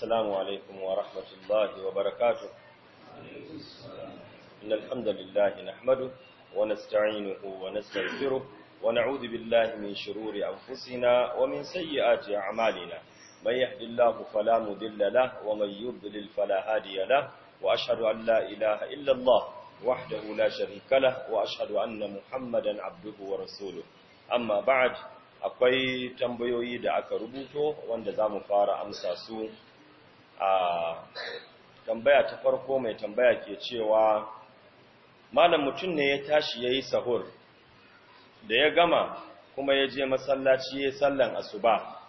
السلام عليكم ورحمة الله وبركاته إن الحمد لله نحمده ونستعينه ونستغفره ونعوذ بالله من شرور أنفسنا ومن سيئات أعمالنا من يهد الله فلا مضل له ومن يضلل فلا هادي له وأشهد أن لا إله إلا الله وحده لا شريك له وأشهد أن محمدا عبده ورسوله أما بعد akwai tambayoyi da aka rubuto wanda za mu fara amsa su a tambaya ta farko mai tambaya ke cewa malam mutum ne ya tashi ya yi sahur da ya gama kuma ya je masallaci ya sallan asuba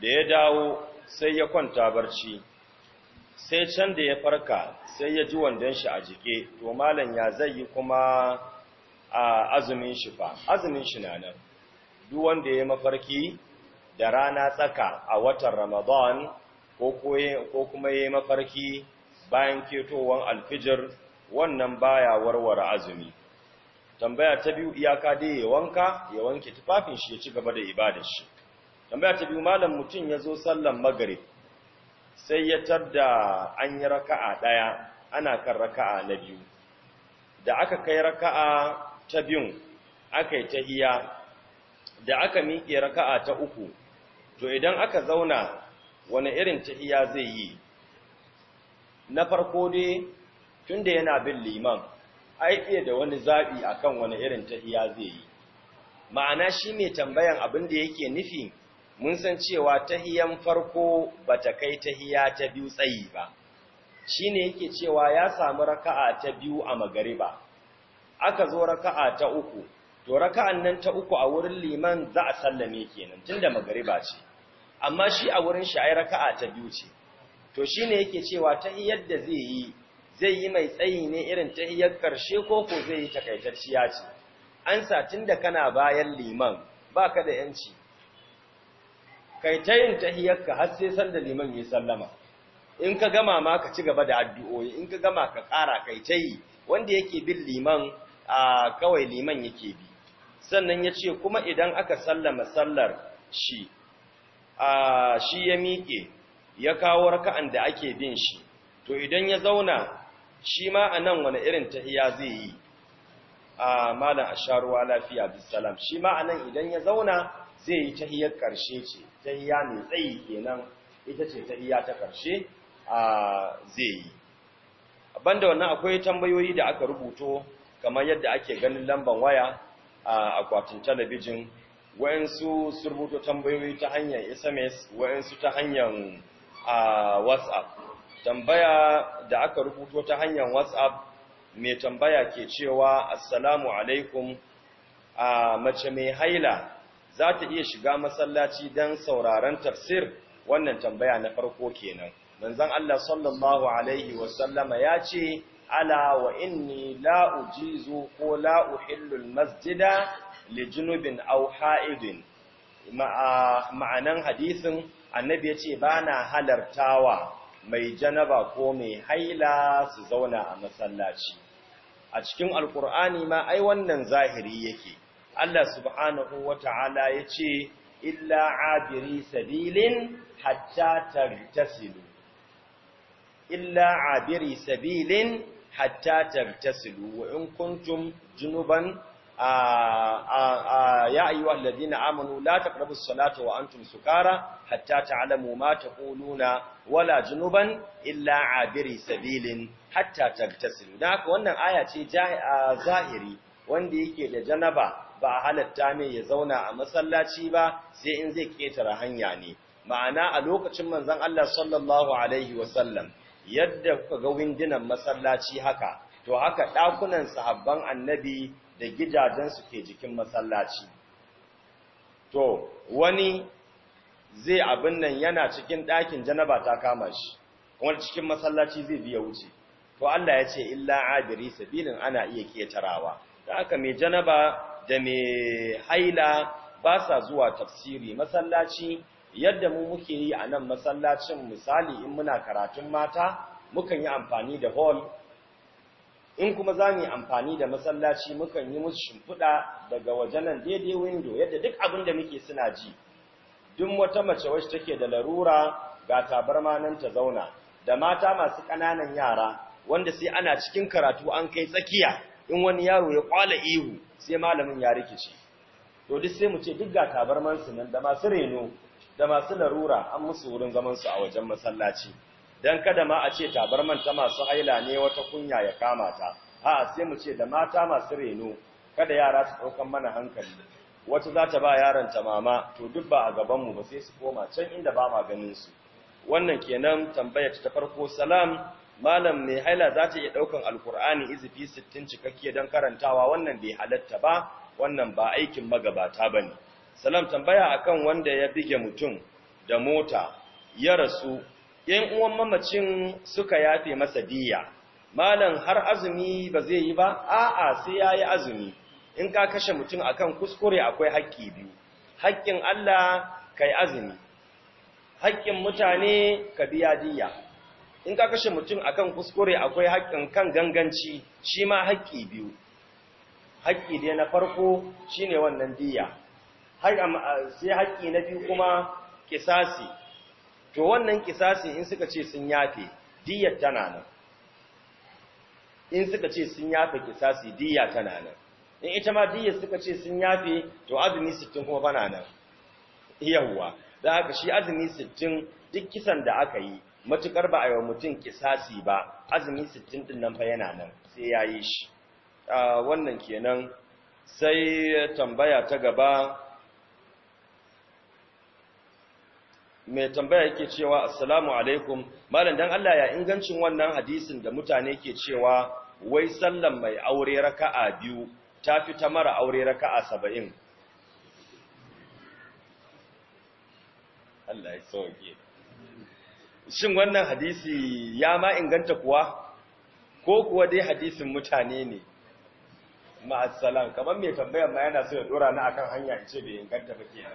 da ya dawo sai ya kwanta barci sai can da ya farka sai ya ji wandon shi a jike to malam ya zai yi kuma a azumin shi fa azumin shi na nan duk wanda ya yi mafarki da rana tsaka a watan ramadan ko kuma yayi mafarki bayan ketowar alfijir wannan baya warware azumi tambaya ta biyu iyaka dai ya wanka ya wanke tufafin shi ya ci gaba da ibadar shi tambaya ta biyu malam mutum ya zo sallan magarib sai ya tarda an yi raka'a ɗaya, ana kan raka'a na biyu da aka kai raka'a ta biyun aka yi iya. da aka miƙe raka'a ta uku to idan aka zauna wani irin tahiya zai yi na farko dai tunda yana bin liman ai da wani zabi akan wani irin tahiya zai yi ma'ana shi mai tambayan abin da yake nufi mun san cewa tahiyan farko bata kai tahiya ta biyu tsayi ba shine yake cewa ya samu raka'a ta biyu a magariba aka zo raka'a ta uku to raka'an nan ta uku a wurin liman za a sallame kenan tunda magariba ce amma shi a wurin shi ai raka'a ta biyu ce to shine yake cewa tahiyyar da zai yi zai yi mai tsayi ne irin tahiyyar karshe ko ko zai yi takaitacciya ce an sa tunda kana bayan liman baka da yanci kai ta yin tahiyyar ka har sai san da liman yi sallama in ka gama ma ka ci gaba da addu'o'i in ka gama ka ƙara kai ta yi wanda yake bin liman a kawai liman yake bi sannan ya ce kuma idan aka sallama sallar shi shi ya miƙe ya kawo raka'an da ake bin shi to idan ya zauna shi ma a nan wani irin tahiya zai yi a malam asharuwa lafiya bisalam shi ma a nan idan ya zauna zai yi tahiyar ƙarshe ce tahiya mai tsayi kenan ita ce tahiya ta ƙarshe a zai yi banda wannan akwai tambayoyi da aka rubuto kamar yadda ake ganin lamban waya a akwatin talabijin wayansu su rubuto tambayoyi ta hanyar SMS wayansu ta hanyar WhatsApp tambaya da aka rubuto ta hanyar WhatsApp mai tambaya ke cewa assalamu alaikum a mace mai haila za ta iya shiga masallaci don sauraron tafsir wannan tambaya na farko kenan manzon Allah sallallahu alaihi wasallama ya ce ala wa inni la ujizu ko la masjida Lijinubin au ha'idin ma'anan hadisin annabi ya ce ba na halartawa mai janaba ko mai haila su zauna a masallaci a cikin Alƙur'ani ma ai wannan zahiri yake Allah subhanahu wata'ala ya ce illa abiri sabilin hatta tartasilu illa abiri sabilin hatta tartasilu wa in kuntum junuban ya ayyuha alladhina amanu la taqrabu as-salata wa antum sukara hatta ta'lamu ma taquluna wala junuban illa abiri sabilin hatta tagtasilu dan haka wannan aya ce zahiri wanda yake da janaba ba a halatta mai ya zauna a masallaci ba sai in zai ketara hanya ne ma'ana a lokacin manzon Allah sallallahu alaihi wa sallam yadda kuka ga windinan masallaci haka to haka dakunan sahabban annabi da gidajensu ke jikin masallaci to wani zai abin nan yana cikin ɗakin janaba ta kama shi kuma cikin masallaci zai biya wuce to Allah ya ce illa abiri sabilin ana iya ketarawa da aka mai janaba da mai haila ba sa zuwa tafsiri masallaci yadda mu muke yi a nan masallacin misali in muna karatun mata mukan yi amfani da hall in kuma za mu yi amfani da masallaci mukan yi musu shimfiɗa daga waje nan daidai window yadda duk abin da muke suna ji duk wata mace wacce take da larura ga tabarma nan ta zauna da mata masu ƙananan yara wanda sai ana cikin karatu an kai tsakiya in wani yaro ya kwala ihu sai malamin ya rikice to duk sai mu ce duk ga tabarman su nan da masu reno da masu larura an musu wurin zaman su a wajen masallaci dan kada ma a ce tabarman ta masu haila ne wata kunya ya kama ta a sai mu ce da mata masu reno kada yara su daukan mana hankali wata za ta ba ta mama to duk ba a gaban mu ba sai su koma can inda ba ma ganin su wannan kenan tambayar ta farko salam malam mai haila za ta iya daukan alkur'ani izifi sittin cikakke don karantawa wannan bai halatta ba wannan ba aikin magabata bane salam tambaya akan wanda ya bige mutum da mota ya rasu ‘yan uwan mamacin suka yafe masa diya, malam har azumi ba zai yi ba, a'a sai ya yi azumi, in ka kashe mutum akan kuskure akwai haƙƙi biyu, haƙƙin Allah ka yi azumi, haƙƙin mutane ka biya diyya. in ka kashe mutum akan kuskure akwai haƙƙin kan ganganci shi ma haƙƙi biyu, haƙƙi dai na farko shi ne wannan diya, sai haƙƙi na biyu kuma kisasi. to wannan kisasi in suka ce sun yafe diyar tana nan in suka ce sun yafe kisasi diyya tana nan in ita ma diyar suka ce sun yafe to azumi 60 kuma bana nan yawwa da haka shi azumi 60 duk kisan da aka yi matukar ba a yi wa mutum kisasi ba azumi 60 din nan fa yana nan sai ya yi shi ah, wannan kenan sai tambaya ta gaba mai tambaya yake cewa assalamu alaikum malam dan Allah ya ingancin wannan hadisin da mutane ke cewa wai sallan mai aure raka'a biyu ta fi ta mara aure raka'a saba'in Allah ya sauke shin wannan hadisi ya ma inganta kuwa ko kuwa dai hadisin mutane ne ma'assalam kamar mai tambayar ma yana so ya dora na akan hanya in ce bai inganta ba kenan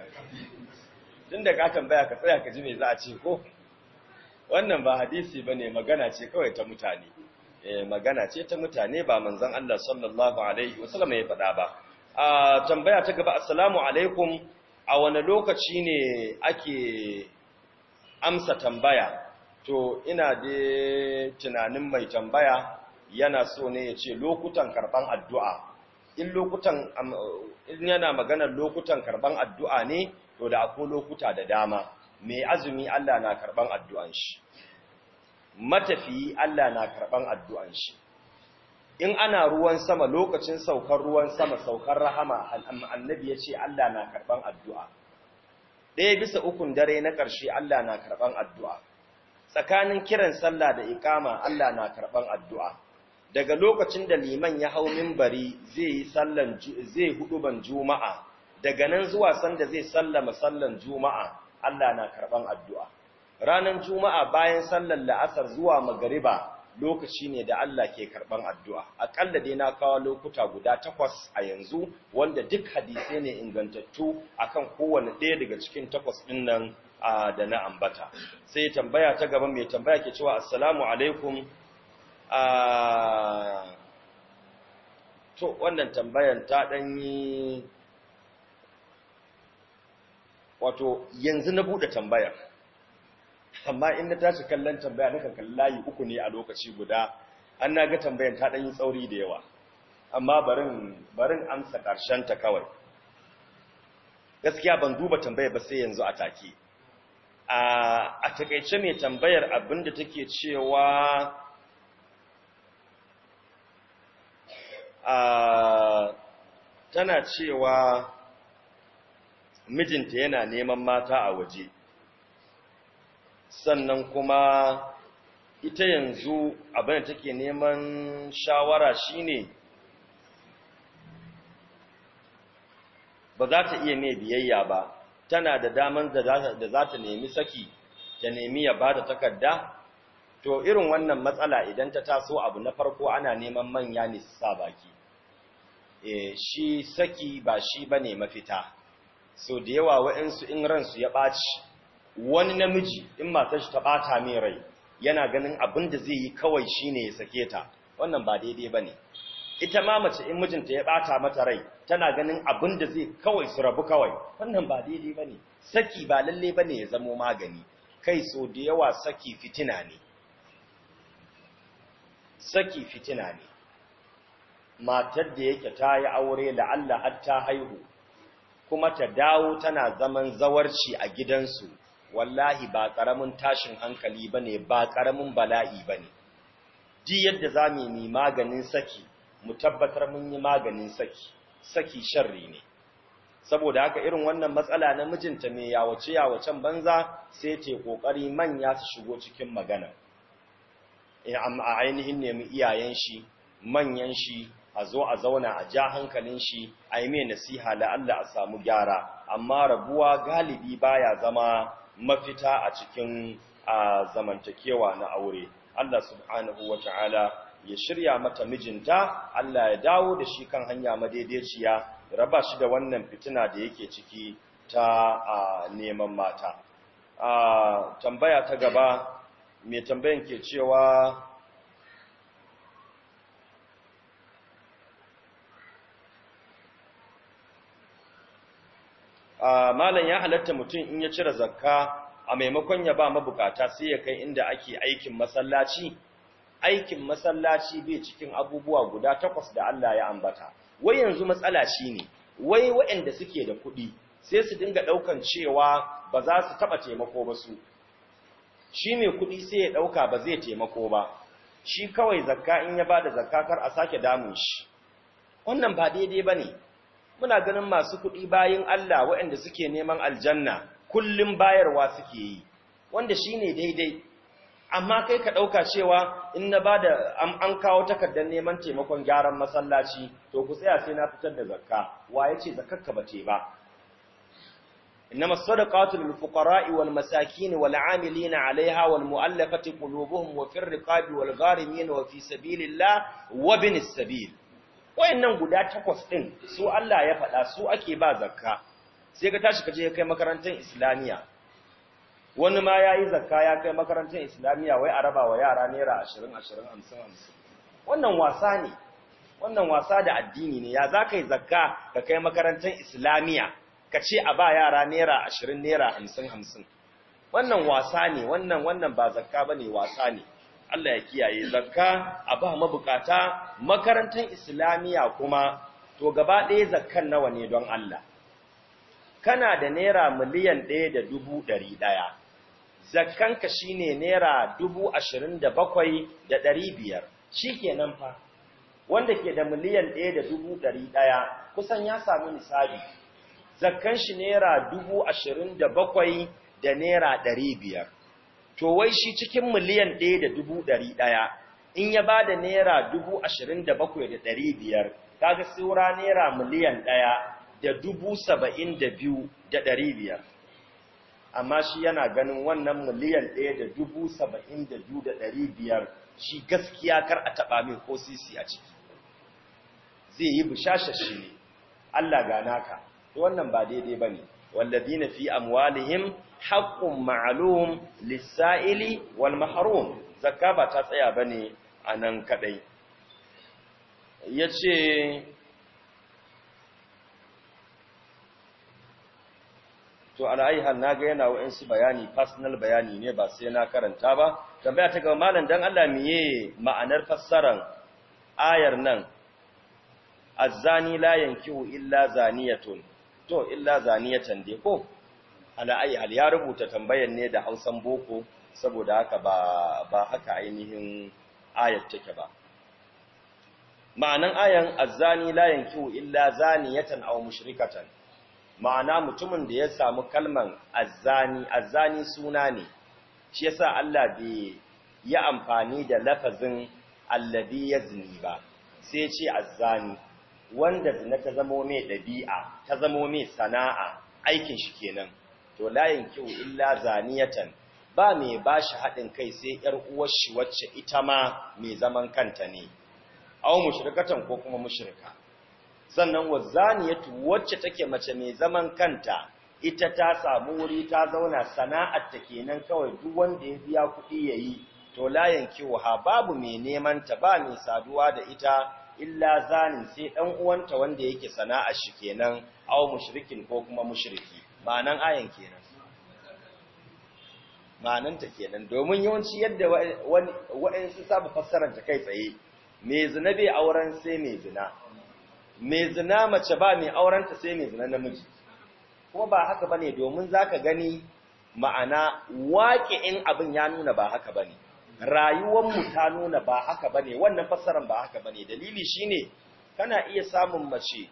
tun da ka tambaya ka tsaya ka ji me za a ce ko wannan ba hadisi ba ne magana ce kawai ta mutane eh, magana ce ta mutane ba manzan Allah sallallahu alaihi wasallam ya faɗa ba a tambaya ta gaba assalamu alaikum a wani lokaci ne ake amsa tambaya to ina da tunanin mai tambaya yana so ne ya ce lokutan karban addu'a in lokutan in yana maganar lokutan karban addu'a ne to da akwai lokuta da dama mai azumi Allah na karban addu'an shi matafiyi Allah na karban addu'an shi in ana ruwan sama lokacin saukar ruwan sama saukar rahama annabi ya ce Allah na karban addu'a ɗaya bisa ukun dare na ƙarshe Allah na karban addu'a tsakanin kiran sallah da ikama Allah na karban addu'a daga lokacin da liman ya hau mimbari zai zai hudu ban juma'a daga nan zuwa sanda zai sallama sallan juma'a Allah na karban addu'a Ranan juma'a bayan sallan la'asar zuwa magariba lokaci ne da Allah ke karban addu'a akalla dai na kawo lokuta guda takwas a yanzu wanda duk hadisai ne ingantattu akan kowane ɗaya daga cikin takwas ɗin nan da na ambata sai tambaya ta gaba mai tambaya ke cewa assalamu alaikum to wannan tambayan ta ɗanyi wato yanzu na buɗe tambayar amma in na tashi kallon tambaya na kan layi uku ne a lokaci guda an na ga tambayar ta ɗanyi tsauri da yawa amma barin amsa ƙarshen ta kawai gaskiya ban duba tambayar ba sai yanzu a take a takaice mai tambayar abin abinda take cewa tana cewa mijinta yana neman mata a waje sannan kuma ita yanzu abin da take neman shawara shine ba za ta iya mai biyayya ba tana da daman da za ta nemi saki ta nemi ya ba da takarda to irin wannan matsala idan ta taso abu na farko ana neman manya ne su sa baki eh, shi saki ba shi ba ne mafita Sau da yawa wa'ansu in ransu ya ɓaci wani namiji in matar shi ta ɓata mai rai yana ganin abin da zai yi kawai shi ne ya sake ta wannan ba daidai ba ne. ita ma mace in mijinta ya ɓata mata rai tana ganin abin da zai kawai su rabu kawai wannan ba daidai ba ne. saki ba lalle ba ne ya zamo magani kai so da yawa saki fitina ne saki fitina ne matar da yake ta yi aure la'alla har ta haihu kuma ta dawo tana zaman zawarci a gidansu wallahi ba ƙaramin tashin hankali ba ne ba ƙaramin bala'i ba ne ji yadda za mu yi maganin saki mu tabbatar mun yi maganin saki saki sharri ne saboda haka irin wannan matsala na mijinta mai yawace yawacen banza sai ce ƙoƙari manya su shigo cikin magana eh, a ainihin nemi iyayen shi manyan shi a zo a zauna a ja hankalin shi a yi mai nasiha la'alla a samu gyara amma rabuwa galibi baya zama mafita a cikin a zamantakewa na aure Allah subhanahu wa ta'ala ya shirya mata mijinta Allah ya dawo da shi kan hanya madaidaiciya raba shi da wannan fitina da yake ciki ta a neman mata tambaya ta gaba mai tambayan ke cewa malam ya halatta mutum in ya cire zakka a maimakon ya ba mabukata sai ya kai inda ake aikin masallaci aikin masallaci bai cikin abubuwa guda takwas da Allah ya ambata wai yanzu matsala shi ne. wai waɗanda suke da kuɗi sai su dinga ɗaukan cewa ba za su taɓa taimako ba su shi mai kuɗi sai ya ɗauka ba zai taimako ba shi kawai zakka in ya ba da zakka kar a sake damun shi wannan ba daidai ba ne muna ganin masu kuɗi bayan Allah waɗanda suke neman aljanna kullum bayarwa suke yi wanda shi ne daidai amma kai ka ɗauka cewa in na ba da an kawo takardar neman taimakon gyaran masallaci to ku tsaya sai na fitar da zakka wa ya ce zakkarka ba ce ba إنما الصدقات للفقراء والمساكين والعاملين عليها والمؤلفة قلوبهم وفي الرقاب والغارمين وفي سبيل الله وابن السبيل wayannan guda takwas din su Allah ya faɗa su ake ba zakka sai ka tashi ka je kai makarantar islamiya wani ma ya yi zakka ya kai makarantar islamiya wai a raba wa yara naira ashirin ashirin hamsin hamsin wannan wasa ne wannan wasa da addini ne ya za ka yi zakka ka kai makarantar islamiya ka ce a ba yara naira ashirin naira hamsin hamsin wannan wasa ne wannan wannan ba zakka ba ne wasa ne Allah ya kiyaye zakka a ba mabukata makarantar islamiya kuma to gaba ɗaya zakkan nawa ne don Allah kana da naira miliyan ɗaya da dubu ɗari ɗaya zakkanka shine naira dubu ashirin da bakwai da ɗari biyar shi kenan fa wanda ke da miliyan ɗaya da dubu ɗari ɗaya kusan ya sami misali zakkan shi naira dubu ashirin da bakwai da naira ɗari biyar to wai shi cikin miliyan ɗaya da dubu ɗari ɗaya in ya ba da naira dubu ashirin da bakwai da ɗari biyar kaga saura naira miliyan ɗaya da dubu saba'in da biyu da ɗari biyar amma shi yana ganin wannan miliyan ɗaya da dubu saba'in da biyu da ɗari biyar shi gaskiya kar a taɓa min ko sisi a ciki zai yi bushashashi ne Allah ga naka wannan ba daidai ba ne wallazina fi amwalihim haƙƙun ma'alum lissa'ili wal mahrum zakka ba ta tsaya ne a nan kadai yace to alaiha ga yana wa'ansu bayani personal bayani ne ba sai na karanta ba tambaya ta ga malam dan Allah miye ma'anar fassaran ayar nan azzani la yankihu illa zaniyatun to illa zaniyatan dai ko ala ayi hal ya rubuta tambayan ne da Hausan boko saboda haka ba ba haka ainihin ayat take ba ma'anan ayan azzani la yankihu illa zaniyatan aw mushrikatan ma'ana mutumin da ya samu kalman azzani azzani suna ne shi yasa Allah bai yi amfani da lafazin alladhi yazni ba sai ce azzani wanda zina ta zamo mai dabi'a ta zamo mai sana'a aikin shi kenan to layin kiwu illa zaniyatan ba mai bashi haɗin kai sai ‘yar uwarshi wacce ita ma mai zaman kanta ne, au mushrikatan ko kuma mushrika. Sannan wa zaniyatu wacce take mace mai zaman kanta, ita ta samu wuri ta zauna sana'ar ta kenan kawai duk wanda ya biya kuɗi ya yi, to kiwu ha babu mai neman ta ba mai saduwa da ita illa zanin sai ɗan uwanta wanda yake sana'ar shi kenan au mushrikin ko kuma mushriki. ma'anan ayan kenan ma'ananta kenan domin yawanci yadda waansu sabu fassarar ta kai tsaye mai zina bai auren sai mai zina mai zina mace ba mai aurenta sai mai zina namiji kuma ba haka bane domin zaka gani ma'ana waƙe in abin ya nuna ba haka bane rayuwar mu ta nuna ba haka bane wannan fassarar ba haka bane dalili shine kana iya samun mace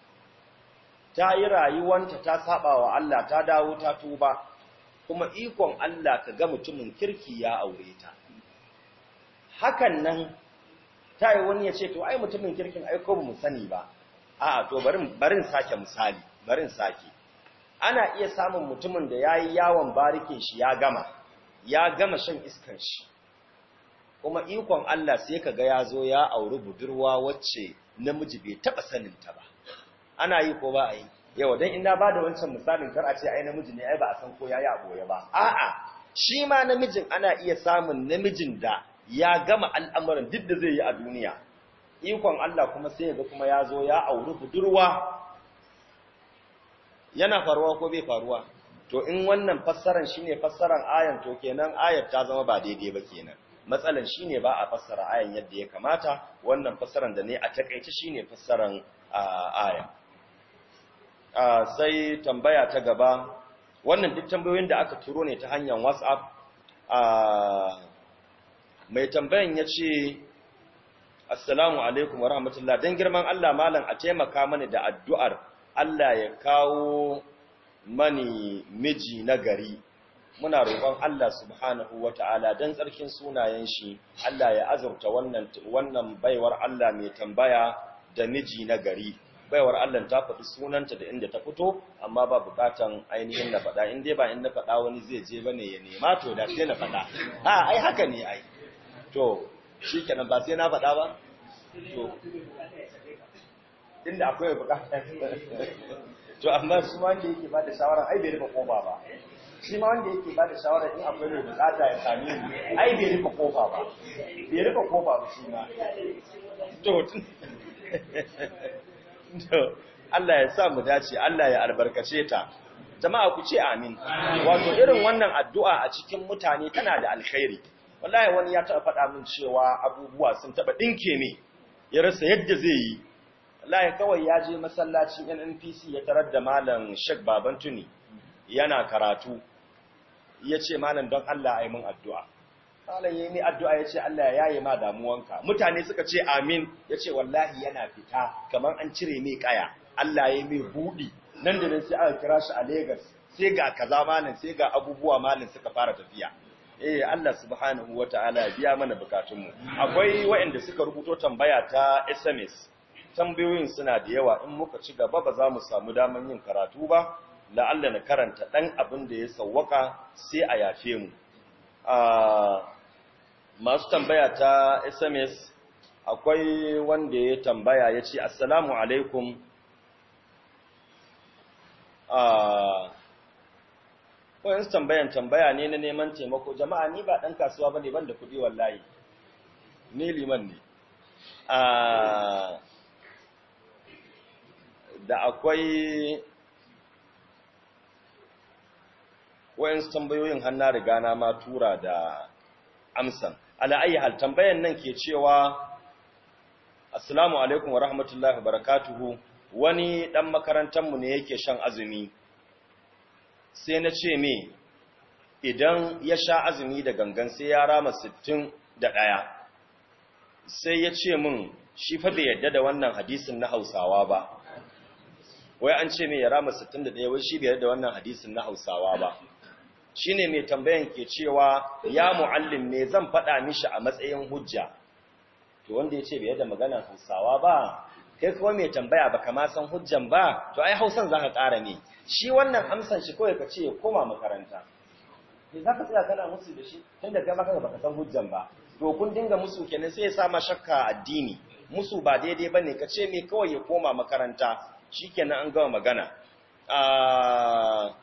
ta yi rayuwanta ta saba wa Allah ta dawo ta tuba kuma ikon Allah ka ga mutumin kirki ya aure ta hakan nan ta yi wani ya ce to ai mutumin kirkin ai ko mu sani ba a to barin barin sake misali barin sake ana iya samun mutumin da yayi yawon barikin shi ya gama ya gama shan iskar shi kuma ikon Allah sai ka ga ya zo ya auri budurwa wacce namiji bai taba sanin ta ba ana yi ko ba a yi yawa don ina ba da wancan misalin kar a ce ai namiji ne ai ba a san ko yayi a goye ba a'a shi ma namijin ana iya samun namijin da ya gama al'amuran duk da zai yi a duniya ikon Allah kuma sai ya ga kuma ya zo ya auri budurwa yana faruwa ko bai faruwa to in wannan fassaran shine fassaran ayan to kenan ayar ta zama ba daidai ba kenan matsalan shine ba a fassara ayan yadda ya kamata wannan fassaran da ne a takaice shine fassaran ah, ayan sai tambaya ta gaba wannan duk tambayoyin da aka turo ne ta hanyar whatsapp mai tambayan ya ce assalamu alaikum wa rahmatullah don girman allah malam a taimaka mani da addu'ar allah ya kawo mani miji na gari muna roƙon Allah subhanahu wa ta'ala don tsarkin sunayen shi Allah ya azurta wannan baiwar Allah mai tambaya da miji na gari baiwar Allah ta faɗi sunanta da inda ta fito amma ba buƙatan ainihin na faɗa in dai ba inda na faɗa wani zai je bane ya nema to da sai na faɗa a ai haka ne ai to shikenan ba sai na faɗa ba to inda akwai buƙatan to amma su wanda yake ba da shawara ai bai rufe kofa ba shi ma wanda yake ba da shawara in akwai mai buƙata ya sami ni ai bai rufe kofa ba bai rufe kofa ba shi ma to Allah ya sa mu dace Allah ya albarkace ta jama'a ku ce amin wato irin wannan addu'a a cikin mutane tana da alkhairi wallahi wani ya taɓa faɗa min cewa abubuwa sun taɓa ɗinke ne ya rasa yadda zai yi wallahi kawai ya je masallacin NNPC ya tarar da malam Sheikh Babantuni yana karatu ya ce malam don Allah ai mun addu'a malam yi mai addu'a ya ce Allah ya yi ma damuwanka mutane suka ce amin Ya ce wallahi yana fita kamar an cire mai kaya Allah ya yi mai buɗi. nan da nan sai aka kira shi a Legas, sai ga kaza malam sai ga abubuwa malam suka fara tafiya eh Allah ta'ala ya biya mana bukatunmu akwai waɗanda suka rubuto tambaya ta SMS tambayoyin suna da yawa in muka ci gaba ba za mu samu daman yin karatu ba la'alla na karanta ɗan abin da ya sawwaka sai a yafe mu masu tambaya ta sms akwai wanda ya tambaya ya ce assalamu alaikum wayansu tambayan tambaya ne na neman taimako jama'a ni ba ɗan kasuwa ba ne ban da kuɗi wallahi ni liman ne da akwai wayan tambayoyin har na riga na ma tura da amsan ala ayi hal tambayan nan ke cewa assalamu alaikum wa rahmatullahi wa barakatuhu wani dan makarantar mu ne yake shan azumi sai na ce me idan ya sha azumi da gangan sai ya rama 60 da ɗaya. sai ya ce min shi fa bai yadda da wannan hadisin na Hausawa ba wai an ce me ya rama 61 wai shi bai yadda da wannan hadisin na Hausawa ba Shi ne mai tambayan ke cewa ya muallim me zan faɗa mishi a matsayin hujja to wanda ya ce bai yadda magana hausawa ba kai kuma mai tambaya ba kama san hujjan ba to ai hausan za ka ƙara ne shi wannan amsan shi kawai ka ce koma makaranta me za ka tsaya kana musu da shi tun da baka maka baka san hujjan ba to kun dinga musu kenan sai ya sa ma shakka addini musu ba daidai ba ne ka ce me kawai ya koma makaranta shikenan an gama magana ah,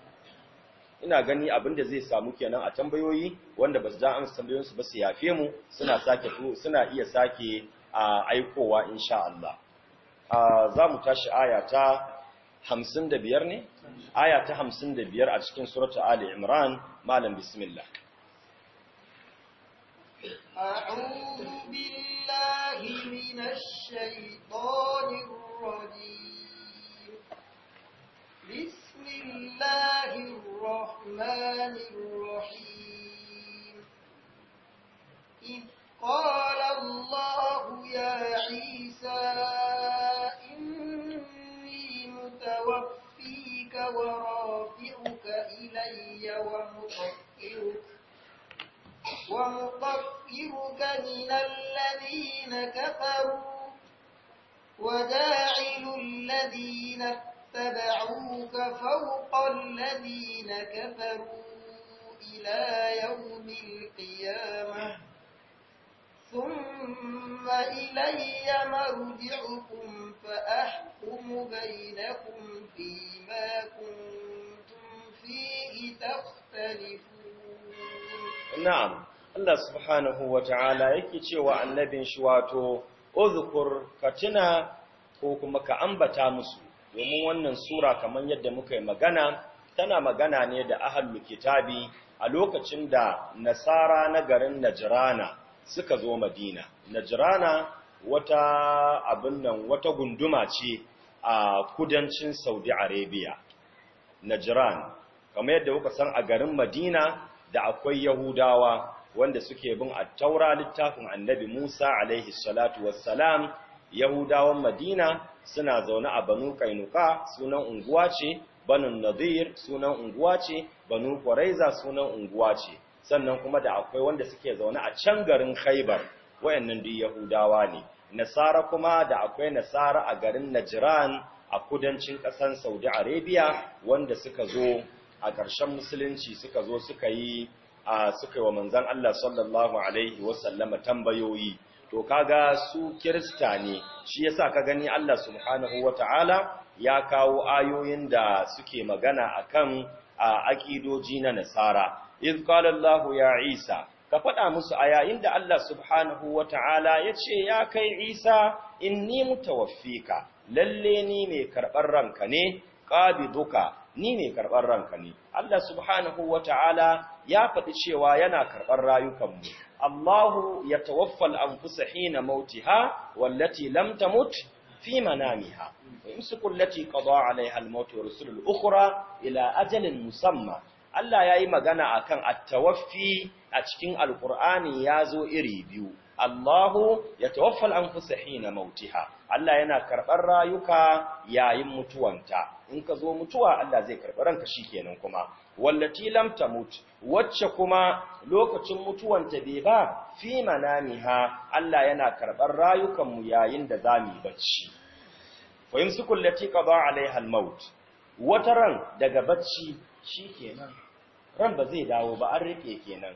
ina gani abin da zai samu kenan a tambayoyi wanda ba su ja an tambayoyin su ba su yafe mu suna sake suna iya sake a aikowa insha Allah za mu tashi aya ta 55 ne aya ta 55 a cikin suratul ali imran malam bismillah أعوذ بالله من الشيطان الرجيم بسم الله الرحمن الرحيم إذ قال الله يا عيسى إني متوفيك ورافعك إلي ومطهرك ومطهرك من الذين كفروا وداعل الذين اتبعوك فوق الذين كفروا إلى يوم القيامة ثم إلي مرجعكم فأحكم بينكم فيما كنتم فيه تختلفون نعم الله سبحانه وتعالى يكيشي وعن نبي شواتو اذكر كتنا وكما كأنبتا مسلم domin wannan sura kamar yadda muka yi magana tana magana ne da ahlul kitabi a lokacin da nasara na garin Najirana suka zo madina Najirana wata abin nan wata gunduma ce a kudancin saudi arabia najran kamar yadda kuka san a garin madina da akwai yahudawa wanda suke bin a taura littafin annabi musa alaihi salatu wassalam yahudawan madina suna zaune a banu kainuka sunan unguwa ce banu nadir sunan unguwa ce banu quraiza sunan unguwa ce sannan kuma da akwai wanda suke zaune a can garin khaybar wayannan duk yahudawa ne nasara kuma da akwai nasara a garin najran a kudancin kasan saudi arabia wanda suka zo a ƙarshen musulunci suka zo suka yi a suka yi wa manzan allah sallallahu alaihi wasallama tambayoyi to kaga su kirista ne shi yasa ka gani Allah subhanahu wataala ya kawo ayoyin da suke magana akan akidoji na nasara iz qala Allah ya Isa ka faɗa musu a yayin da Allah subhanahu wataala ya ce ya kai Isa inni mutawaffika lalle ni mai karɓar ranka ne qabiduka ni ne karɓar ranka ne Allah subhanahu wataala ya faɗi cewa yana karɓar rayukanmu Allahu ya tawaffal anfusa hina mautiha wallati lamta mut fi manamiha in yumsiku allati qada alaiha al-maut wa rusulu ukura ila ajalin musamman, Allah ya yi magana akan at-tawaffi a cikin Alƙur'ani ya zo iri biyu Allahu ya tawaffal anfusa hina mautiha Allah yana karɓar rayuka yayin mutuwanta in ka zo mutuwa Allah zai karɓi ranka shi kenan kuma wallati lam tamut wacce kuma lokacin mutuwanta bai ba fi manamiha Allah yana karɓar rayukan mu yayin da zamu bacci fa yumsiku allati qada alaiha almaut wata ran daga bacci shikenan ran ba zai dawo ba an riƙe kenan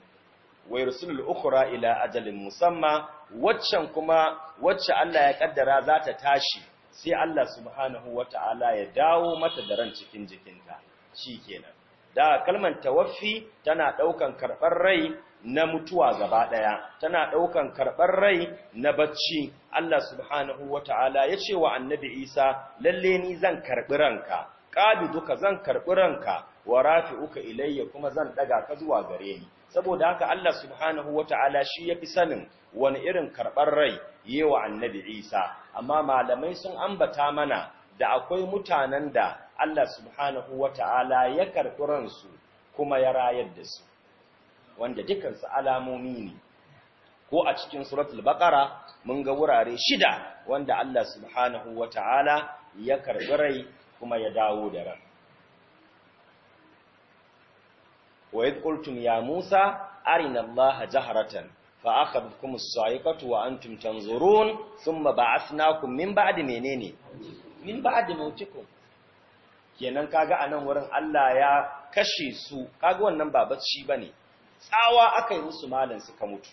wa yursilul ukhra ila ajalin musamma waccan kuma wacce Allah ya kaddara za ta tashi sai Allah subhanahu wata'ala ya dawo mata da ran cikin jikinta shikenan da kalmar tawaffi tana daukan karbar rai na mutuwa gaba daya tana daukan karbar rai na bacci Allah subhanahu wata'ala ya ce wa annabi Isa lalle ni zan karbi ranka qabiduka zan karbi ranka wa rafi'uka ilayya kuma zan daga ka zuwa gare ni saboda haka Allah subhanahu wa ta'ala shi ya fi sanin wani irin karɓar rai yi wa annabi Isa amma malamai sun ambata mana da akwai mutanen da Allah subhanahu wa ta'ala ya karɓi ransu kuma ya rayar da su wanda dukansu alamomi ne ko a cikin suratul bakara mun ga wurare shida wanda Allah subhanahu wa ta'ala ya karɓi rai kuma ya dawo da rai. wa idh ya Musa arina Allah jahratan fa akhadhakum as-sa'iqatu wa antum tanzurun thumma ba'athnakum min ba'di menene min ba'di mautikum kenan kaga anan wurin Allah ya kashe su kaga wannan ba bacci bane tsawa aka musu malan suka mutu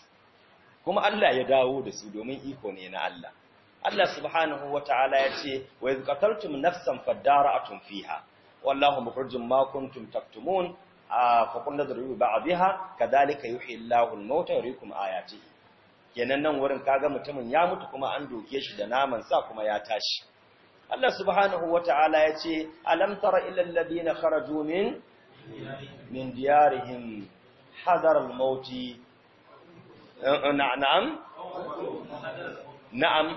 kuma Allah ya dawo da su domin iko ne na Allah Allah subhanahu wataala ya ce wa iz qataltum nafsan fadara'atum fiha wallahu mukhrijum ma kuntum taktumun fa kunna zuriyu ba'dha kadhalika yuhyi Allahu al-mauta yuriikum ayatihi kenan nan wurin kaga mutumin ya mutu kuma an doke shi da naman sa kuma ya tashi Allah subhanahu wata'ala ya ce alam tara ila alladhina kharaju min min diyarihim hadar al-maut eh, na'am na'am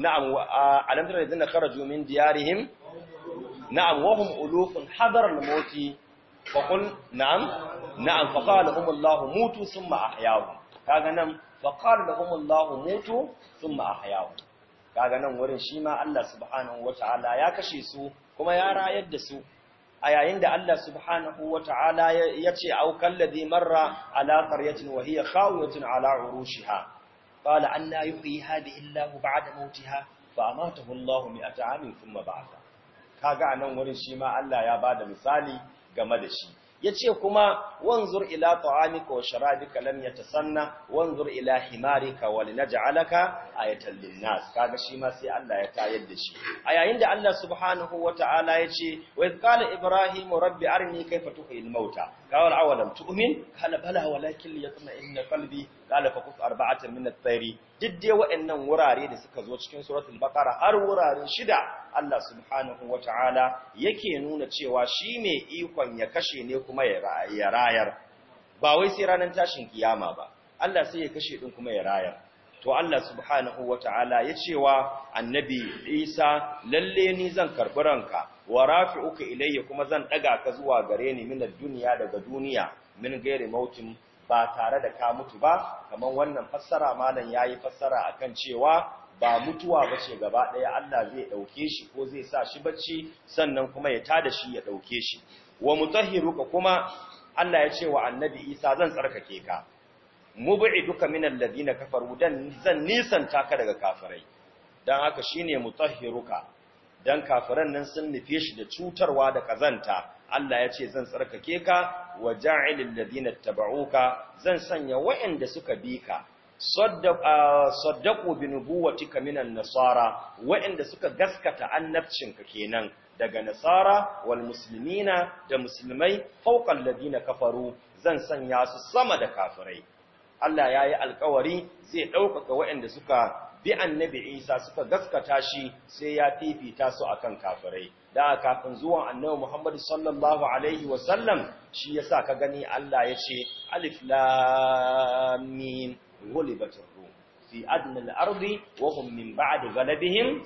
na'am alam tara alladhina kharaju min diyarihim na'am wa hum ulufun hadar al-maut فقل نعم نعم فقال لهم الله موتوا ثم أحياهم kaga nan faqala lahum Lahu mutu sun thumma ahyahu kaga nan wurin shi ma Allah subhanahu ta'ala ya kashe su kuma ya rayar da su a yayin da Allah subhanahu ta'ala ya ce au kalladhi marra ala qaryatin wa hiya khawiyatun ala urushiha qala anna yuhyi hadhihi Allah ba'da mautiha fa amatahu Allah mi'ata amin thumma ba'atha kaga nan wurin shi ma Allah ya ba da misali game da shi yace kuma wanzur ila ta'amika wa sharabika lam yatasanna wanzur ila himarika wa linaj'alaka ayatan linnas kaga shi ma sai Allah ya tayar da shi a yayin da Allah subhanahu wata'ala yace wa qala ibrahim rabbi arni kayfa tuhil mauta قال أولم تؤمن قال بلى ولكن ليطمئن قلبي قال فكف أربعة من الطير didde wa'annan wurare da suka zo cikin suratul baqara har wuraren shida Allah subhanahu wataala yake nuna cewa shi ne ikon ya kashe ne kuma ya rayar ba wai sai ranar tashin kiyama ba Allah sai ya kashe din kuma ya rayar to Allah subhanahu wata'ala ya cewa annabi Isa lalle ni zan karɓi ranka wa rafi'uka ilayya kuma zan ɗaga ka zuwa gare ni min duniya daga duniya min gairi mautin ba tare da ka mutu ba kamar wannan fassara malam yayi fassara akan cewa ba mutuwa ba ce gaba ɗaya Allah zai ɗauke shi ko zai sa shi bacci sannan kuma ya tada shi ya ɗauke shi wa mutahhiruka kuma Allah ya ce wa annabi Isa zan tsarkake ka mub'iduka min alladhina kafaru dan zan nisanta ka daga kafirai dan haka shine mutahhiruka dan kafiran nan sun nufe shi da cutarwa da kazanta Allah ya ce zan tsarkake ka wa ja'ilil ladina tabauka zan sanya wa'anda suka bi ka ah, saddaqu bi nubuwatika minan nasara wa'anda suka gaskata annabcin ka kenan daga nasara wal muslimina da musulmai fawqal ladina kafaru zan sanya su sama da kafirai Allah ya yi alkawari zai ɗaukaka waɗanda suka bi annabi Isa suka gaskata shi sai ya fifita su akan kafirai da kafin zuwan annabi Muhammad sallallahu alaihi wasallam shi yasa ka gani Allah ya ce alif lam mim ghulibatir rum fi adna arzi. ardi min hum min ba'di ghalabihim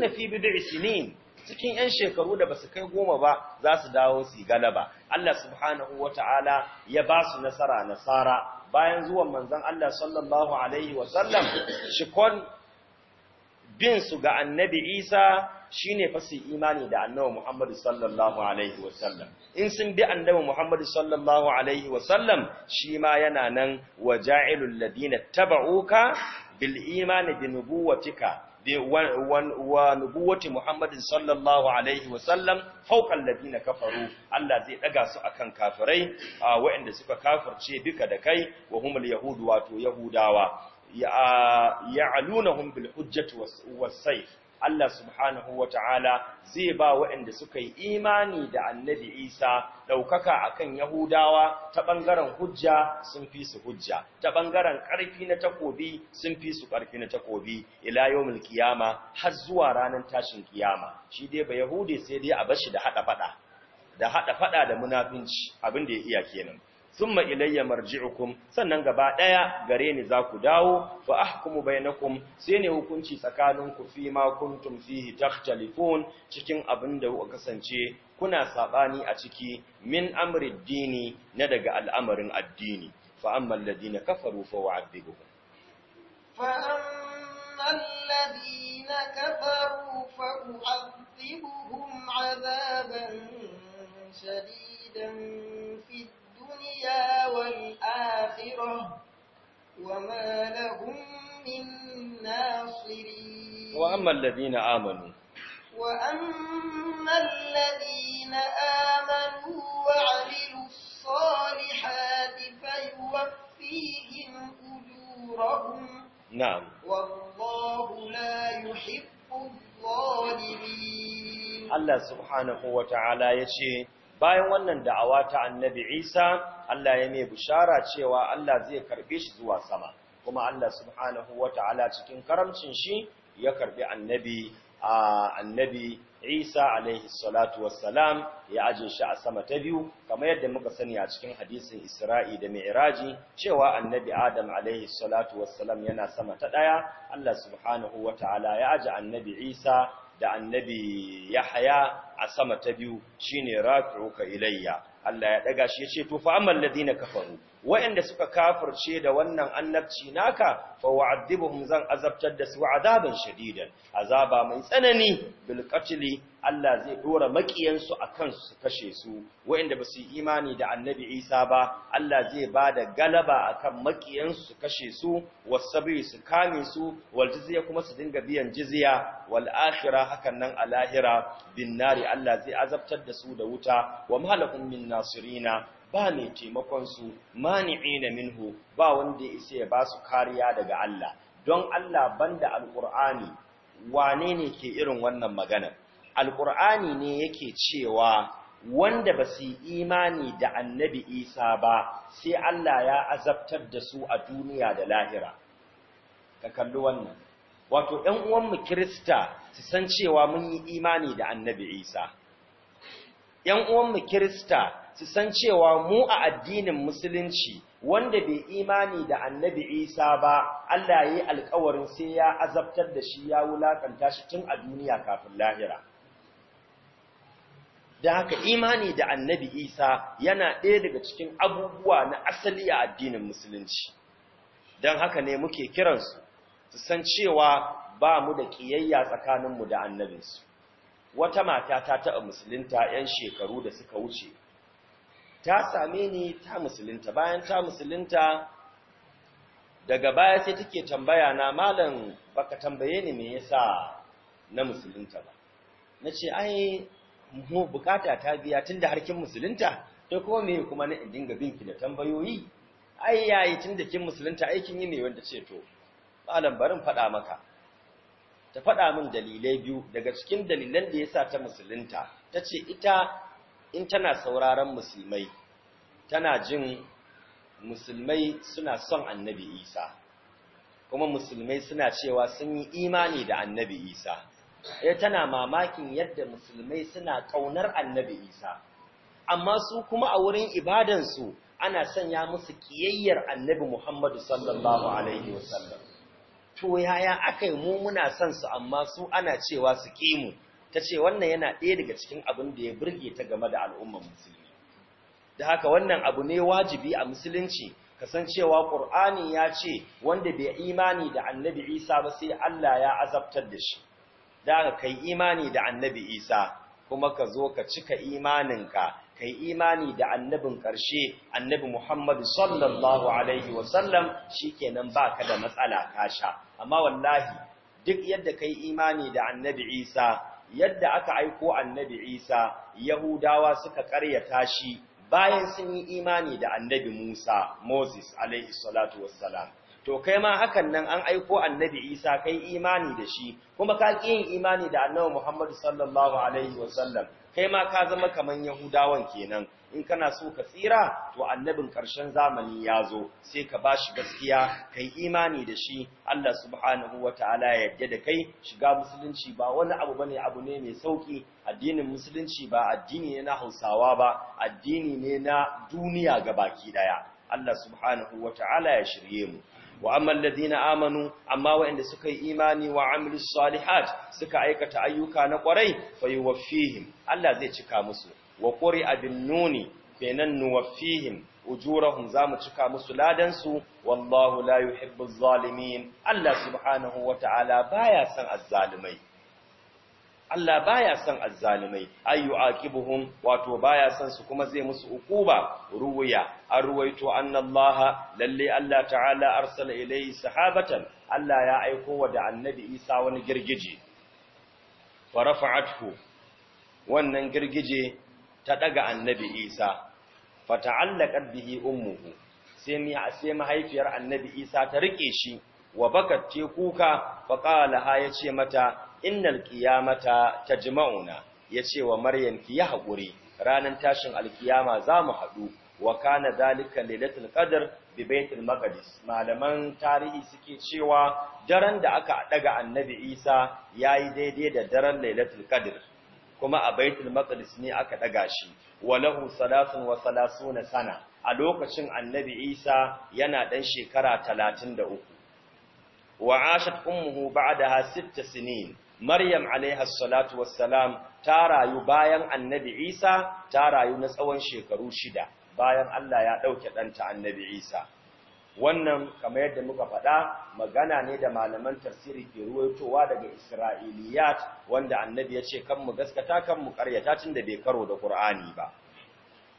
na fi bid'i sinin cikin 'yan shekaru da basu kai goma ba za su dawo su galaba Allah subhanahu wata'ala ya ba su nasara nasara bayan zuwan Manzan Allah sallallahu alaihi wa sallam shikon binsu ga annabi Isa shine fa su imani da annabi Muhammadu sallallahu alaihi wa sallam in sun bi annabi Muhammadu sallallahu alaihi wa sallam shi ma yana nan waja'ilul ladina taba'uka bil imani bi nubuwatika wa nubuwati Muhammadin sallallahu alaihi wa sallam fawqal ladina kafaru Allah zai daga su akan kafirai waɗanda suka kafirce duka da kai wa humul yahudu wato yahudawa ya'alunahum bil hujjati was sayf Allah subhanahu wa ta'ala zai ba waɗanda suka yi imani da annabi Isa ɗaukaka a kan Yahudawa ta ɓangaren hujja sun fi su hujja, ta ɓangaren ƙarfi na takobi sun fi su ƙarfi na takobi, ila yau mulkiyama har zuwa ranar tashin kiyama, shi dai ba Yahudi sai dai a bashi da haɗa faɗa, da haɗa faɗa da munafinci abin da ya iya kenan. thumma ilayya marji'ukum sannan gaba daya gare ni za ku dawo wa ahkumu bainakum sai ne hukunci tsakaninku fi ma kuntum fihi takhtalifun cikin abin da kuka kasance kuna sabani a ciki min amri dini na daga al'amarin addini fa amma alladhina kafaru fa wa'adibuhum fa amma alladhina kafaru fa u'adibuhum 'adaban shadidan الدنيا والآخرة وما لهم من ناصرين وأما الذين آمنوا وأما الذين آمنوا وعملوا الصالحات فيوفيهم أجورهم نعم والله لا يحب الظالمين الله سبحانه وتعالى يشهد bayan wannan da'awa ta annabi Isa Allah ya mai bishara cewa Allah zai karbe shi zuwa sama kuma Allah subhanahu wata'ala cikin karamcin shi ya karbi annabi annabi Isa alaihi salatu wassalam ya aje shi a sama ta biyu kamar yadda muka sani a cikin hadisin Isra'i da Mi'raji cewa annabi Adam alaihi salatu wassalam yana sama ta daya Allah subhanahu wata'ala ya aje annabi Isa da annabi Yahya a sama ta biyu shine ka ilayya Allah ya daga shi ya ce fa amman ladina kafaru wa'anda suka kafirce da wannan annabci naka fa wa'adibuhum zan azabtar da su azaban shadidan azaba mai tsanani bil qatli Allah zai dora makiyansu akan su kashe su wa'anda basu imani da annabi Isa ba Allah zai bada galaba akan makiyansu su kashe su wasabi su kame su wal jizya kuma su dinga biyan jizya wal akhirah hakan nan a lahira bin nari Allah zai azabtar da su da wuta wa mahalakum min nasirina ba mai taimakonsu mani'ina minhu ba wanda ya isa ya ba su kariya daga Allah don Allah banda alqur'ani wane ne ke irin wannan magana alqur'ani ne yake cewa wanda ba su imani da annabi Isa ba sai Allah ya azabtar da su a duniya da lahira ka kalli wannan wato ɗan uwanmu Kirista su san cewa mun yi imani da annabi Isa ‘yan uwanmu Kirista su san cewa mu a addinin Musulunci wanda bai imani da annabi Isa ba, Allah ya yi alkawarin sai ya azabtar da shi ya wulakanta shi tun a duniya kafin lahira. Da haka imani da annabi Isa yana ɗaya daga cikin abubuwa na asali a addinin Musulunci. Don haka ne muke kiransu, su san cewa ba mu da ƙiyayya tsakaninmu da annabinsu. wata mata ta taɓa musulunta 'yan shekaru da suka wuce ta same ni ta musulunta bayan ta musulunta daga baya sai take tambaya na malam baka tambaye ni me yasa na musulunta ba Na ce, ai mu bukata ta biya tun da harkin musulunta to kuma me kuma na dinga binki da tambayoyi ai yayi da kin musulunta aikin yi ne wanda ce to malam barin faɗa maka ta faɗa min dalilai biyu daga cikin dalilan da ya sa ta musulunta ta ce ita in tana sauraron musulmai tana jin musulmai suna son annabi isa kuma musulmai suna cewa sun yi imani da annabi isa ya eh, tana mamakin yadda musulmai suna ƙaunar annabi isa amma su kuma a wurin ibadansu ana sanya musu kiyayyar annabi muhammadu sallallahu alaihi wasallam to yaya aka mu muna son su amma su ana cewa su kimu. ta ce wannan yana ɗaya daga cikin abin da ya burge ta game da al'ummar musulmi da haka wannan abu ne wajibi a musulunci kasancewa ƙur'ani ya ce wanda bai imani da annabi isa ba sai allah ya azabtar da shi da haka kai imani da annabi isa kuma ka zo ka cika imaninka kai imani da annabin ƙarshe annabi Muhammad sallallahu alaihi wasallam ba ka da matsala ka sha amma wallahi duk yadda kai imani da annabi Isa yadda aka aiko annabi Isa Yahudawa suka karyata shi bayan sun yi imani da annabi Musa Moses alaihi salatu wassalam to kai ma hakan nan an aiko annabi Isa kai imani da shi kuma ka ƙi yin imani da annabi Muhammadu sallallahu alaihi wasallam kai ma ka zama kamar yahudawan kenan in kana so ka tsira to annabin ƙarshen zamani ya zo sai ka ba shi gaskiya yi imani da shi Allah subhanahu wa ta'ala ya yarda da kai shiga musulunci ba wani abu bane abu ne mai sauƙi, addinin musulunci ba addini ne na Hausawa ba addini ne na duniya ga baki ɗaya, Allah subhanahu wa ta'ala ya shirye mu wa amman ladina amanu amma waɗanda suka yi imani wa amilus salihat suka aikata ayyuka na kwarai fayuwaffihim Allah zai cika musu wa qur'a abin nuni kenan nuwaffihim ujurahum zamu cika musu ladan su wallahu la yuhibbuz zalimin Allah subhanahu wataala baya san azzalimai Allah baya son azzalimai ayu buhun. wato baya son su kuma zai musu ukuba ruwaya an ruwaito annallaha lalle Allah ta'ala arsala ilayhi sahabatan Allah ya aiko wa da annabi Isa wani girgije fa rafa'athu wannan girgije ta daga annabi Isa fa ta'allaqat bihi ummuhu sai mi sai mahaifiyar annabi Isa ta rike shi wa bakat te kuka fa qala ha yace mata innal qiyamata tajma'una yace wa maryam ki ya haƙuri ranan tashin alkiyama za mu haɗu wa kana zalika lailatul qadr bi baitul maqdis malaman tarihi suke cewa daren da aka daga annabi isa yayi daidai da daren lailatul qadr kuma a baitul maqdis ne aka daga shi walahu salasun wa salasuna sana a lokacin annabi isa yana dan shekara 33 wa ashat ummuhu ba'daha 6 sinin Maryam alaiha salatu wassalam ta rayu bayan annabi Isa ta rayu na tsawon shekaru shida bayan Allah ya ɗauke ɗanta annabi Isa. Wannan kamar yadda muka faɗa magana ne da malaman tafsiri ke ruwaitowa daga Isra'iliyat wanda annabi ya ce kan mu gaskata kan mu ƙaryata tun da bai karo da Kur'ani ba.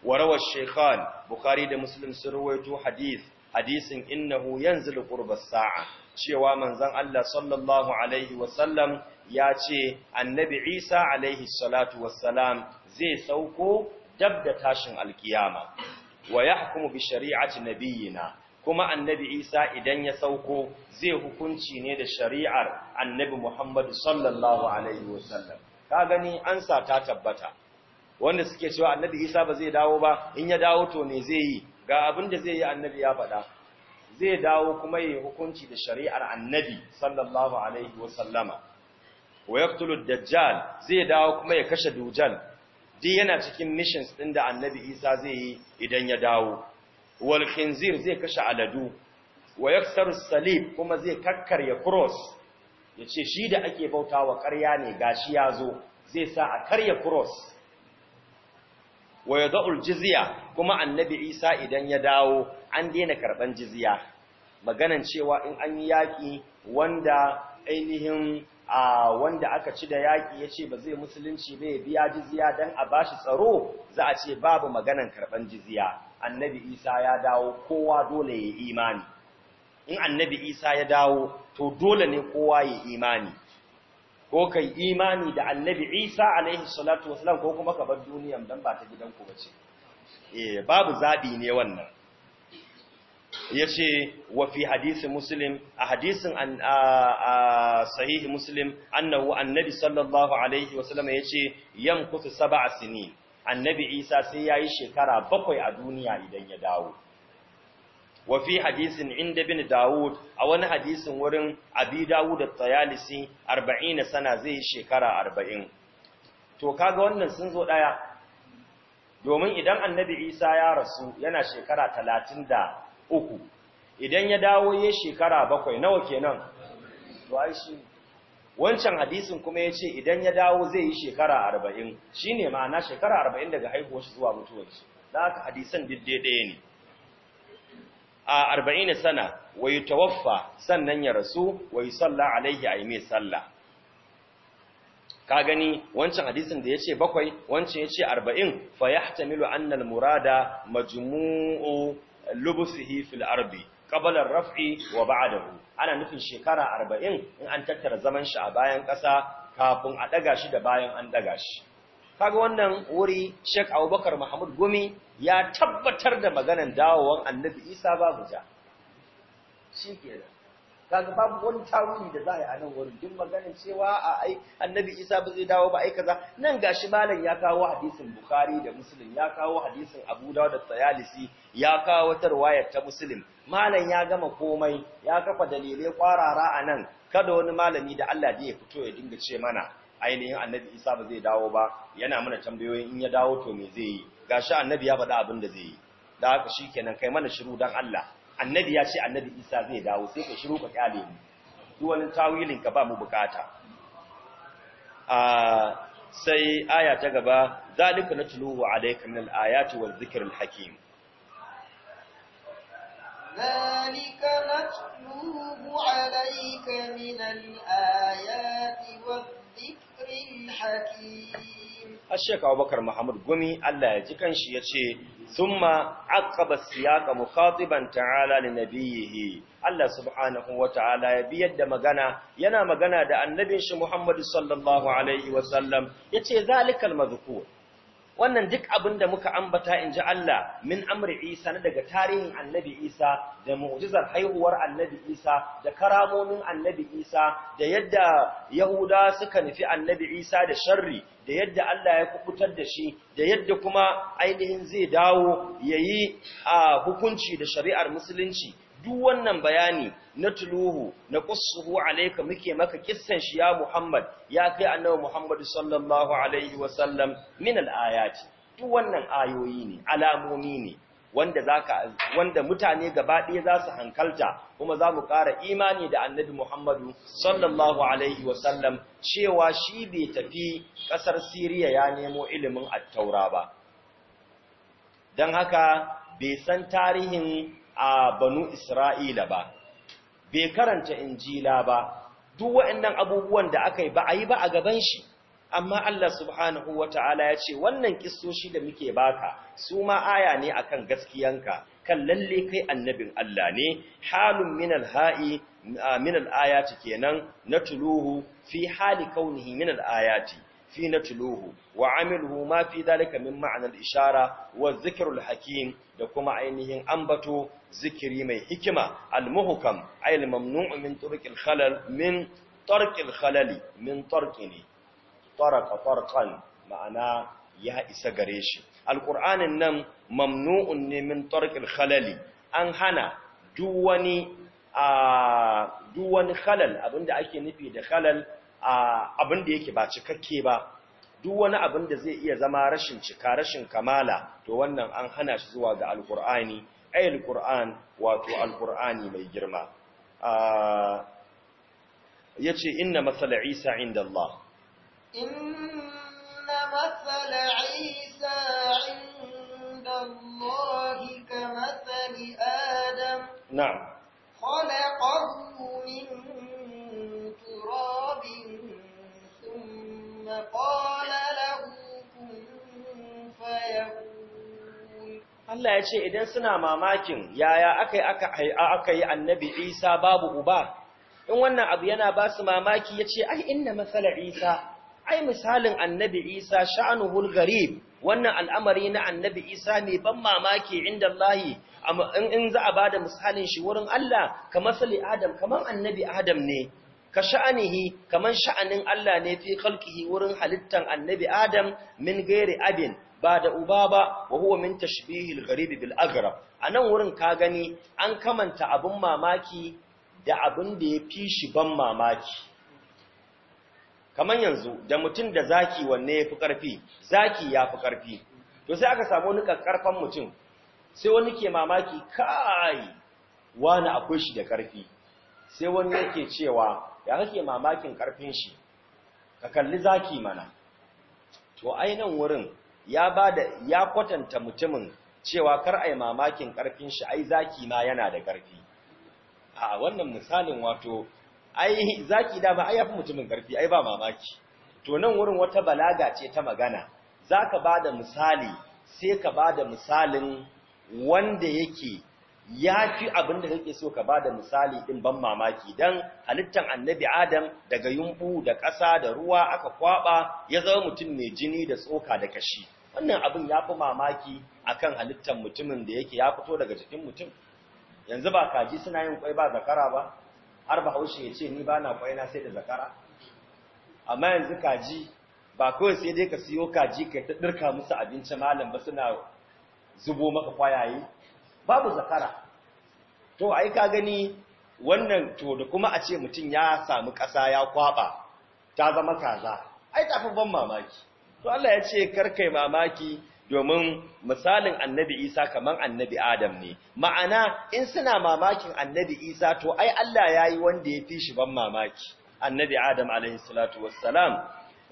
Warawar Shekhan, Bukhari da Muslim sun ruwaito hadith hadisin innahu yanzilu qurbas sa'a cewa manzon Allah sallallahu alaihi wasallam ya ce annabi Isa alaihi salatu wassalam zai sauko dab da tashin alkiyama wa yahkumu bi shari'ati nabiyina kuma annabi Isa idan ya sauko zai hukunci ne da shari'ar annabi Muhammadu sallallahu alaihi wasallam ka gani ansa ta tabbata wanda suke cewa annabi Isa ba zai dawo ba in ya dawo to ne zai yi ga abin da zai yi annabi ya faɗa zai dawo kuma yi hukunci da shari'ar annabi sallallahu alaihi wasallama wa yaqtulu dajjal zai dawo kuma ya kashe dujal din yana cikin missions din da annabi Isa zai yi idan ya dawo wal khinzir zai kashe aladu wa yaksaru salib kuma zai kakkarya cross yace shi da ake bautawa ƙarya ne gashi yazo zai sa a karya cross wa yad'ul jizya kuma annabi Isa idan ya dawo an daina karban jiziya. maganan cewa in an yi yaki wanda ainihin a wanda aka ci da yaƙi ya ce ba zai musulunci ba ya biya jiziya, dan a ba shi tsaro za a ce babu maganan karban jiziya. annabi Isa ya dawo kowa dole ya yi imani in annabi Isa ya dawo to dole ne kowa ya yi imani ko kai imani da annabi Isa alaihi salatu wasalam ko kuma ka bar duniyan dan ba ta gidanku bace eh babu zabi ne wannan yace wa fi hadisi muslim a hadisin an sahih muslim annahu annabi sallallahu alaihi wasallam yace yamkutu sab'a sinin annabi Isa sai yayi shekara bakwai a duniya idan ya dawo wa fi hadisin inda bin Dawud a wani hadisin wurin Abi Dawud at arba'in 40 sana zai shekara 40 to kaga wannan sun zo daya domin idan Annabi Isa ya rasu yana shekara 33 idan ya dawo ya shekara bakwai nawa kenan to ai shi wancan hadisin kuma ya ce idan ya dawo zai yi shekara arba'in shi ne ma'ana shekara arba'in daga shi zuwa shi. da haka hadisan duk ɗaya ne a sana wa tawaffa sannan ya rasu wa salla alaihi yi mai sallah ka gani wancan hadisin da ya ce bakwai wancan ya ce arba'in fa yahtamilu anna murada majmu'u lubsihi fil arbi, ƙabalar rafi wa ba'dahu ana nufin shekara arba'in in an tattara zaman shi a bayan ƙasa kafin a ɗaga shi da bayan an ɗaga shi kaga wannan wuri shek Abubakar Muhammad Gumi ya tabbatar da maganan dawowan annabi isa babu ja shi ke da. kaga babu wani tawili da za a yi a nan wurin duk maganin cewa a ai annabi isa ba zai dawo ba ai kaza nan gashi malam ya kawo hadisin bukhari da muslim ya kawo hadisin abu dawud da tayalisi ya kawo wata riwayar ta muslim malam ya gama komai ya kafa dalilai kwarara a nan kada wani malami da Allah ya fito ya dinga ce mana ainihin annabi isa ba zai dawo ba yana mana tambayoyin in ya dawo to me zai yi gashi annabi ya faɗa abin da zai yi da haka shikenan kai mana shiru dan Allah annabi ya ce annabi Isa zai dawo sai ka shiru ka kyale mu duk wani tawilin ka ba mu bukata a sai aya ta gaba zalika natluhu alayka min al wal zikr al hakim alayka min عليك wal zikr al hakim Ashekawa Bakar Muhammad Gumi Allah ya ji kanshi ya ce, "Sun ma aqaba siyaka mukhatiban ta'ala li nabiyihi." Allah subhanahu wa ta'ala ya biyar da magana, yana magana da annabin shi Muhammad sallallahu alaihi wa sallam, ya ce, "Zalikal mazkur." Wannan duk abin da muka ambata in ji Allah min amri Isa na daga tarihin annabi Isa da mu'jizar haihuwar annabi Isa da karamomin annabi Isa da yadda Yahuda suka nufi annabi Isa da sharri da yadda Allah ya kukutar da shi da yadda kuma ainihin zai dawo ya yi a hukunci da shari'ar musulunci duk wannan bayani na tuluhu na ƙusuhu alaika muke maka kissan shi ya Muhammad ya kai annabi Muhammadu sallallahu alaihi wasallam min ayati duk wannan ayoyi ne alamomi ne wanda zaka wanda mutane gaba ɗaya za su hankalta kuma za mu ƙara imani da annabi Muhammadu sallallahu alaihi wasallam cewa shi bai tafi ƙasar Siriya ya nemo ilimin attaura ba don haka bai san tarihin a banu Isra'ila ba bai karanta injila ba duk waɗannan abubuwan da aka yi ba a yi ba a gaban shi amma Allah subhanahu wata'ala ya ce wannan kissoshi da muke baka su ma aya ne akan gaskiyanka kan lalle kai annabin Allah ne Halin min alha'i minal alayati kenan tuluhu. fi hali kaunihi min ayati fi natluhu wa amilhu ma fi zalika min ma'anar ishara wa zikirul hakim da kuma ainihin ambato zikiri mai hikima almuhkam ay mamnu'u min turqil min khalali taraka tarqan ma'ana ya isa gare shi alqur'anin nan mamnu'un ne min tarqil khalali an hana duk wani a duk wani khalal abinda ake nufi da khalal abinda yake ba cikakke ba duk wani abinda zai iya zama rashin cika rashin kamala to wannan an hana shi zuwa ga alqur'ani ayil qur'an wato alqur'ani mai girma yace inna masal isa inda Allah إن مثل عيسى عند الله كمثل آدم نعم خلقه من تراب ثم قال له كن فيكون Allah ya ce idan suna mamakin yaya aka yi annabi Isa babu uba in wannan abu yana ba su mamaki ya ce ai inna matsala Isa ai misalin annabi Isa sha'anuhul garib wannan al'amari na annabi Isa ne ban mamaki inda Allah in za a bada misalin shi wurin Allah kamar sali Adam kamar annabi Adam ne ka sha'anihi kamar sha'anin Allah ne fi khalqihi wurin halittar annabi Adam min gairi abin ba da uba ba wa huwa min tashbihil gharib bil A anan wurin ka gani an kamanta abin mamaki da abin da ya fi shi ban mamaki kamar yanzu da mutum da zaki wanne ya fi ƙarfi zaki ya fi ƙarfi to sai aka samu wani ƙarfan mutum sai wani ke mamaki kai wani akwai shi da ƙarfi sai wani yake cewa ya kake mamakin ƙarfin shi ka kalli zaki mana to ainihin wurin ya ba da ya kwatanta mutumin cewa kar a yi mamakin ƙarfin shi ai zaki ma yana da ƙarfi a wannan misalin wato ai zaki dama ai yafi mutumin karfi ai ba mamaki to nan wurin wata balaga ce ta magana zaka bada misali sai ka bada misalin wanda yake yafi abin da kake so ka bada misali din ban mamaki dan halittan annabi adam daga yumbu da ƙasa da ruwa aka kwaba ya zama mutum mai jini da tsoka da kashi wannan abin yafi mamaki akan halittan mutumin da yake ya fito daga jikin mutum yanzu ba kaji suna yin kwai ba zakara ba har bahaushe ya ce ni ba na kwaina sai da zakara amma yanzu kaji ba kawai sai dai ka siyo kaji kai ta ɗirka musu abinci malam ba suna zubo maka kwayaye babu zakara to ai ka gani wannan to da kuma a ce mutum ya sami ƙasa ya kwaba ta zama kaza ai tafi ban mamaki to Allah ya ce karkai mamaki domin misalin annabi Isa kaman annabi Adam ne ma'ana in suna mamakin annabi Isa to ai Allah ya yi wanda ya fi shi ban mamaki annabi Adam alaihi salatu wassalam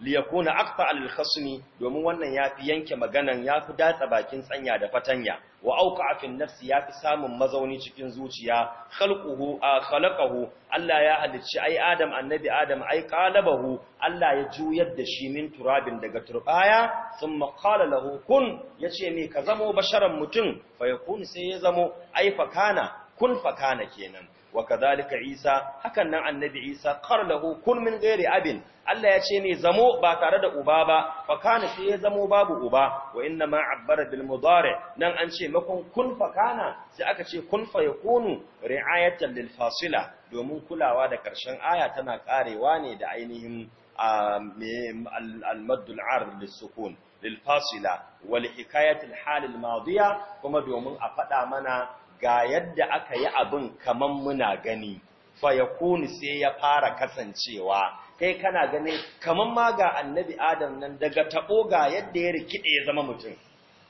liyakuna aqta alil khasmi domin wannan yafi yanke maganan yafi datsa bakin tsanya da fatanya wa auqa fi nafsi yafi samun mazauni cikin zuciya khalquhu khalaqahu Allah ya halicci ai Adam annabi Adam ai qalabahu Allah ya juyar da shi min turabin daga turbaya thumma qala lahu kun yace me ka zamo basharan mutum fa yakun sai ya zamo ai fakana kun fakana kenan wa kadhalika isa hakan nan annabi isa qarlahu kun min ghairi abin Allah ya ce ne zamo ba tare da uba ba fakana sai ya zamo babu uba wa inna ma abbara bil mudari nan an ce makon kun fakana sai aka ce kun fa yakunu ri'ayatan lil fasila domin kulawa da karshen aya tana karewa ne da ainihin المد العارض للسكون للفاصلة halin الحال Kuma domin a faɗa mana. ga yadda aka yi abin kaman muna gani fayakunu sai ya fara kasancewa kai kana gani kaman ma ga annabi adam nan daga taɓo ga yadda ya rikide ya zama mutum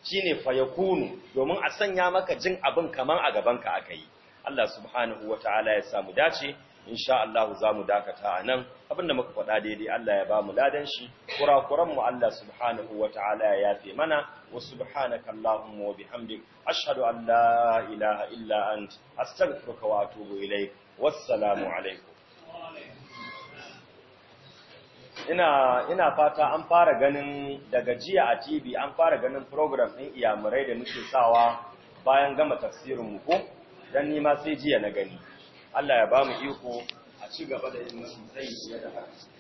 shine fayakunu domin a sanya maka jin abin kamar a gaban ka aka yi Allah subhanahu wataala ya samu dace sha Allah za mu dakata a nan abinda muka faɗa daidai Allah ya ba mu ladan shi kurakuranmu Allah subhanahu wa ta'ala ya yafe mana wa subhanaka Allahumma wa bihamdik ashhadu an la ilaha illa ant astaghfiruka wa atubu ilaik wassalamu alaikum ina ina fata an fara ganin daga jiya a TV an fara ganin program ɗin iyamurai da muke sawa bayan gama tafsirin mu ko dan ni ma sai jiya na gani Allah ya ba mu iko a ci gaba da yin masu yi da haka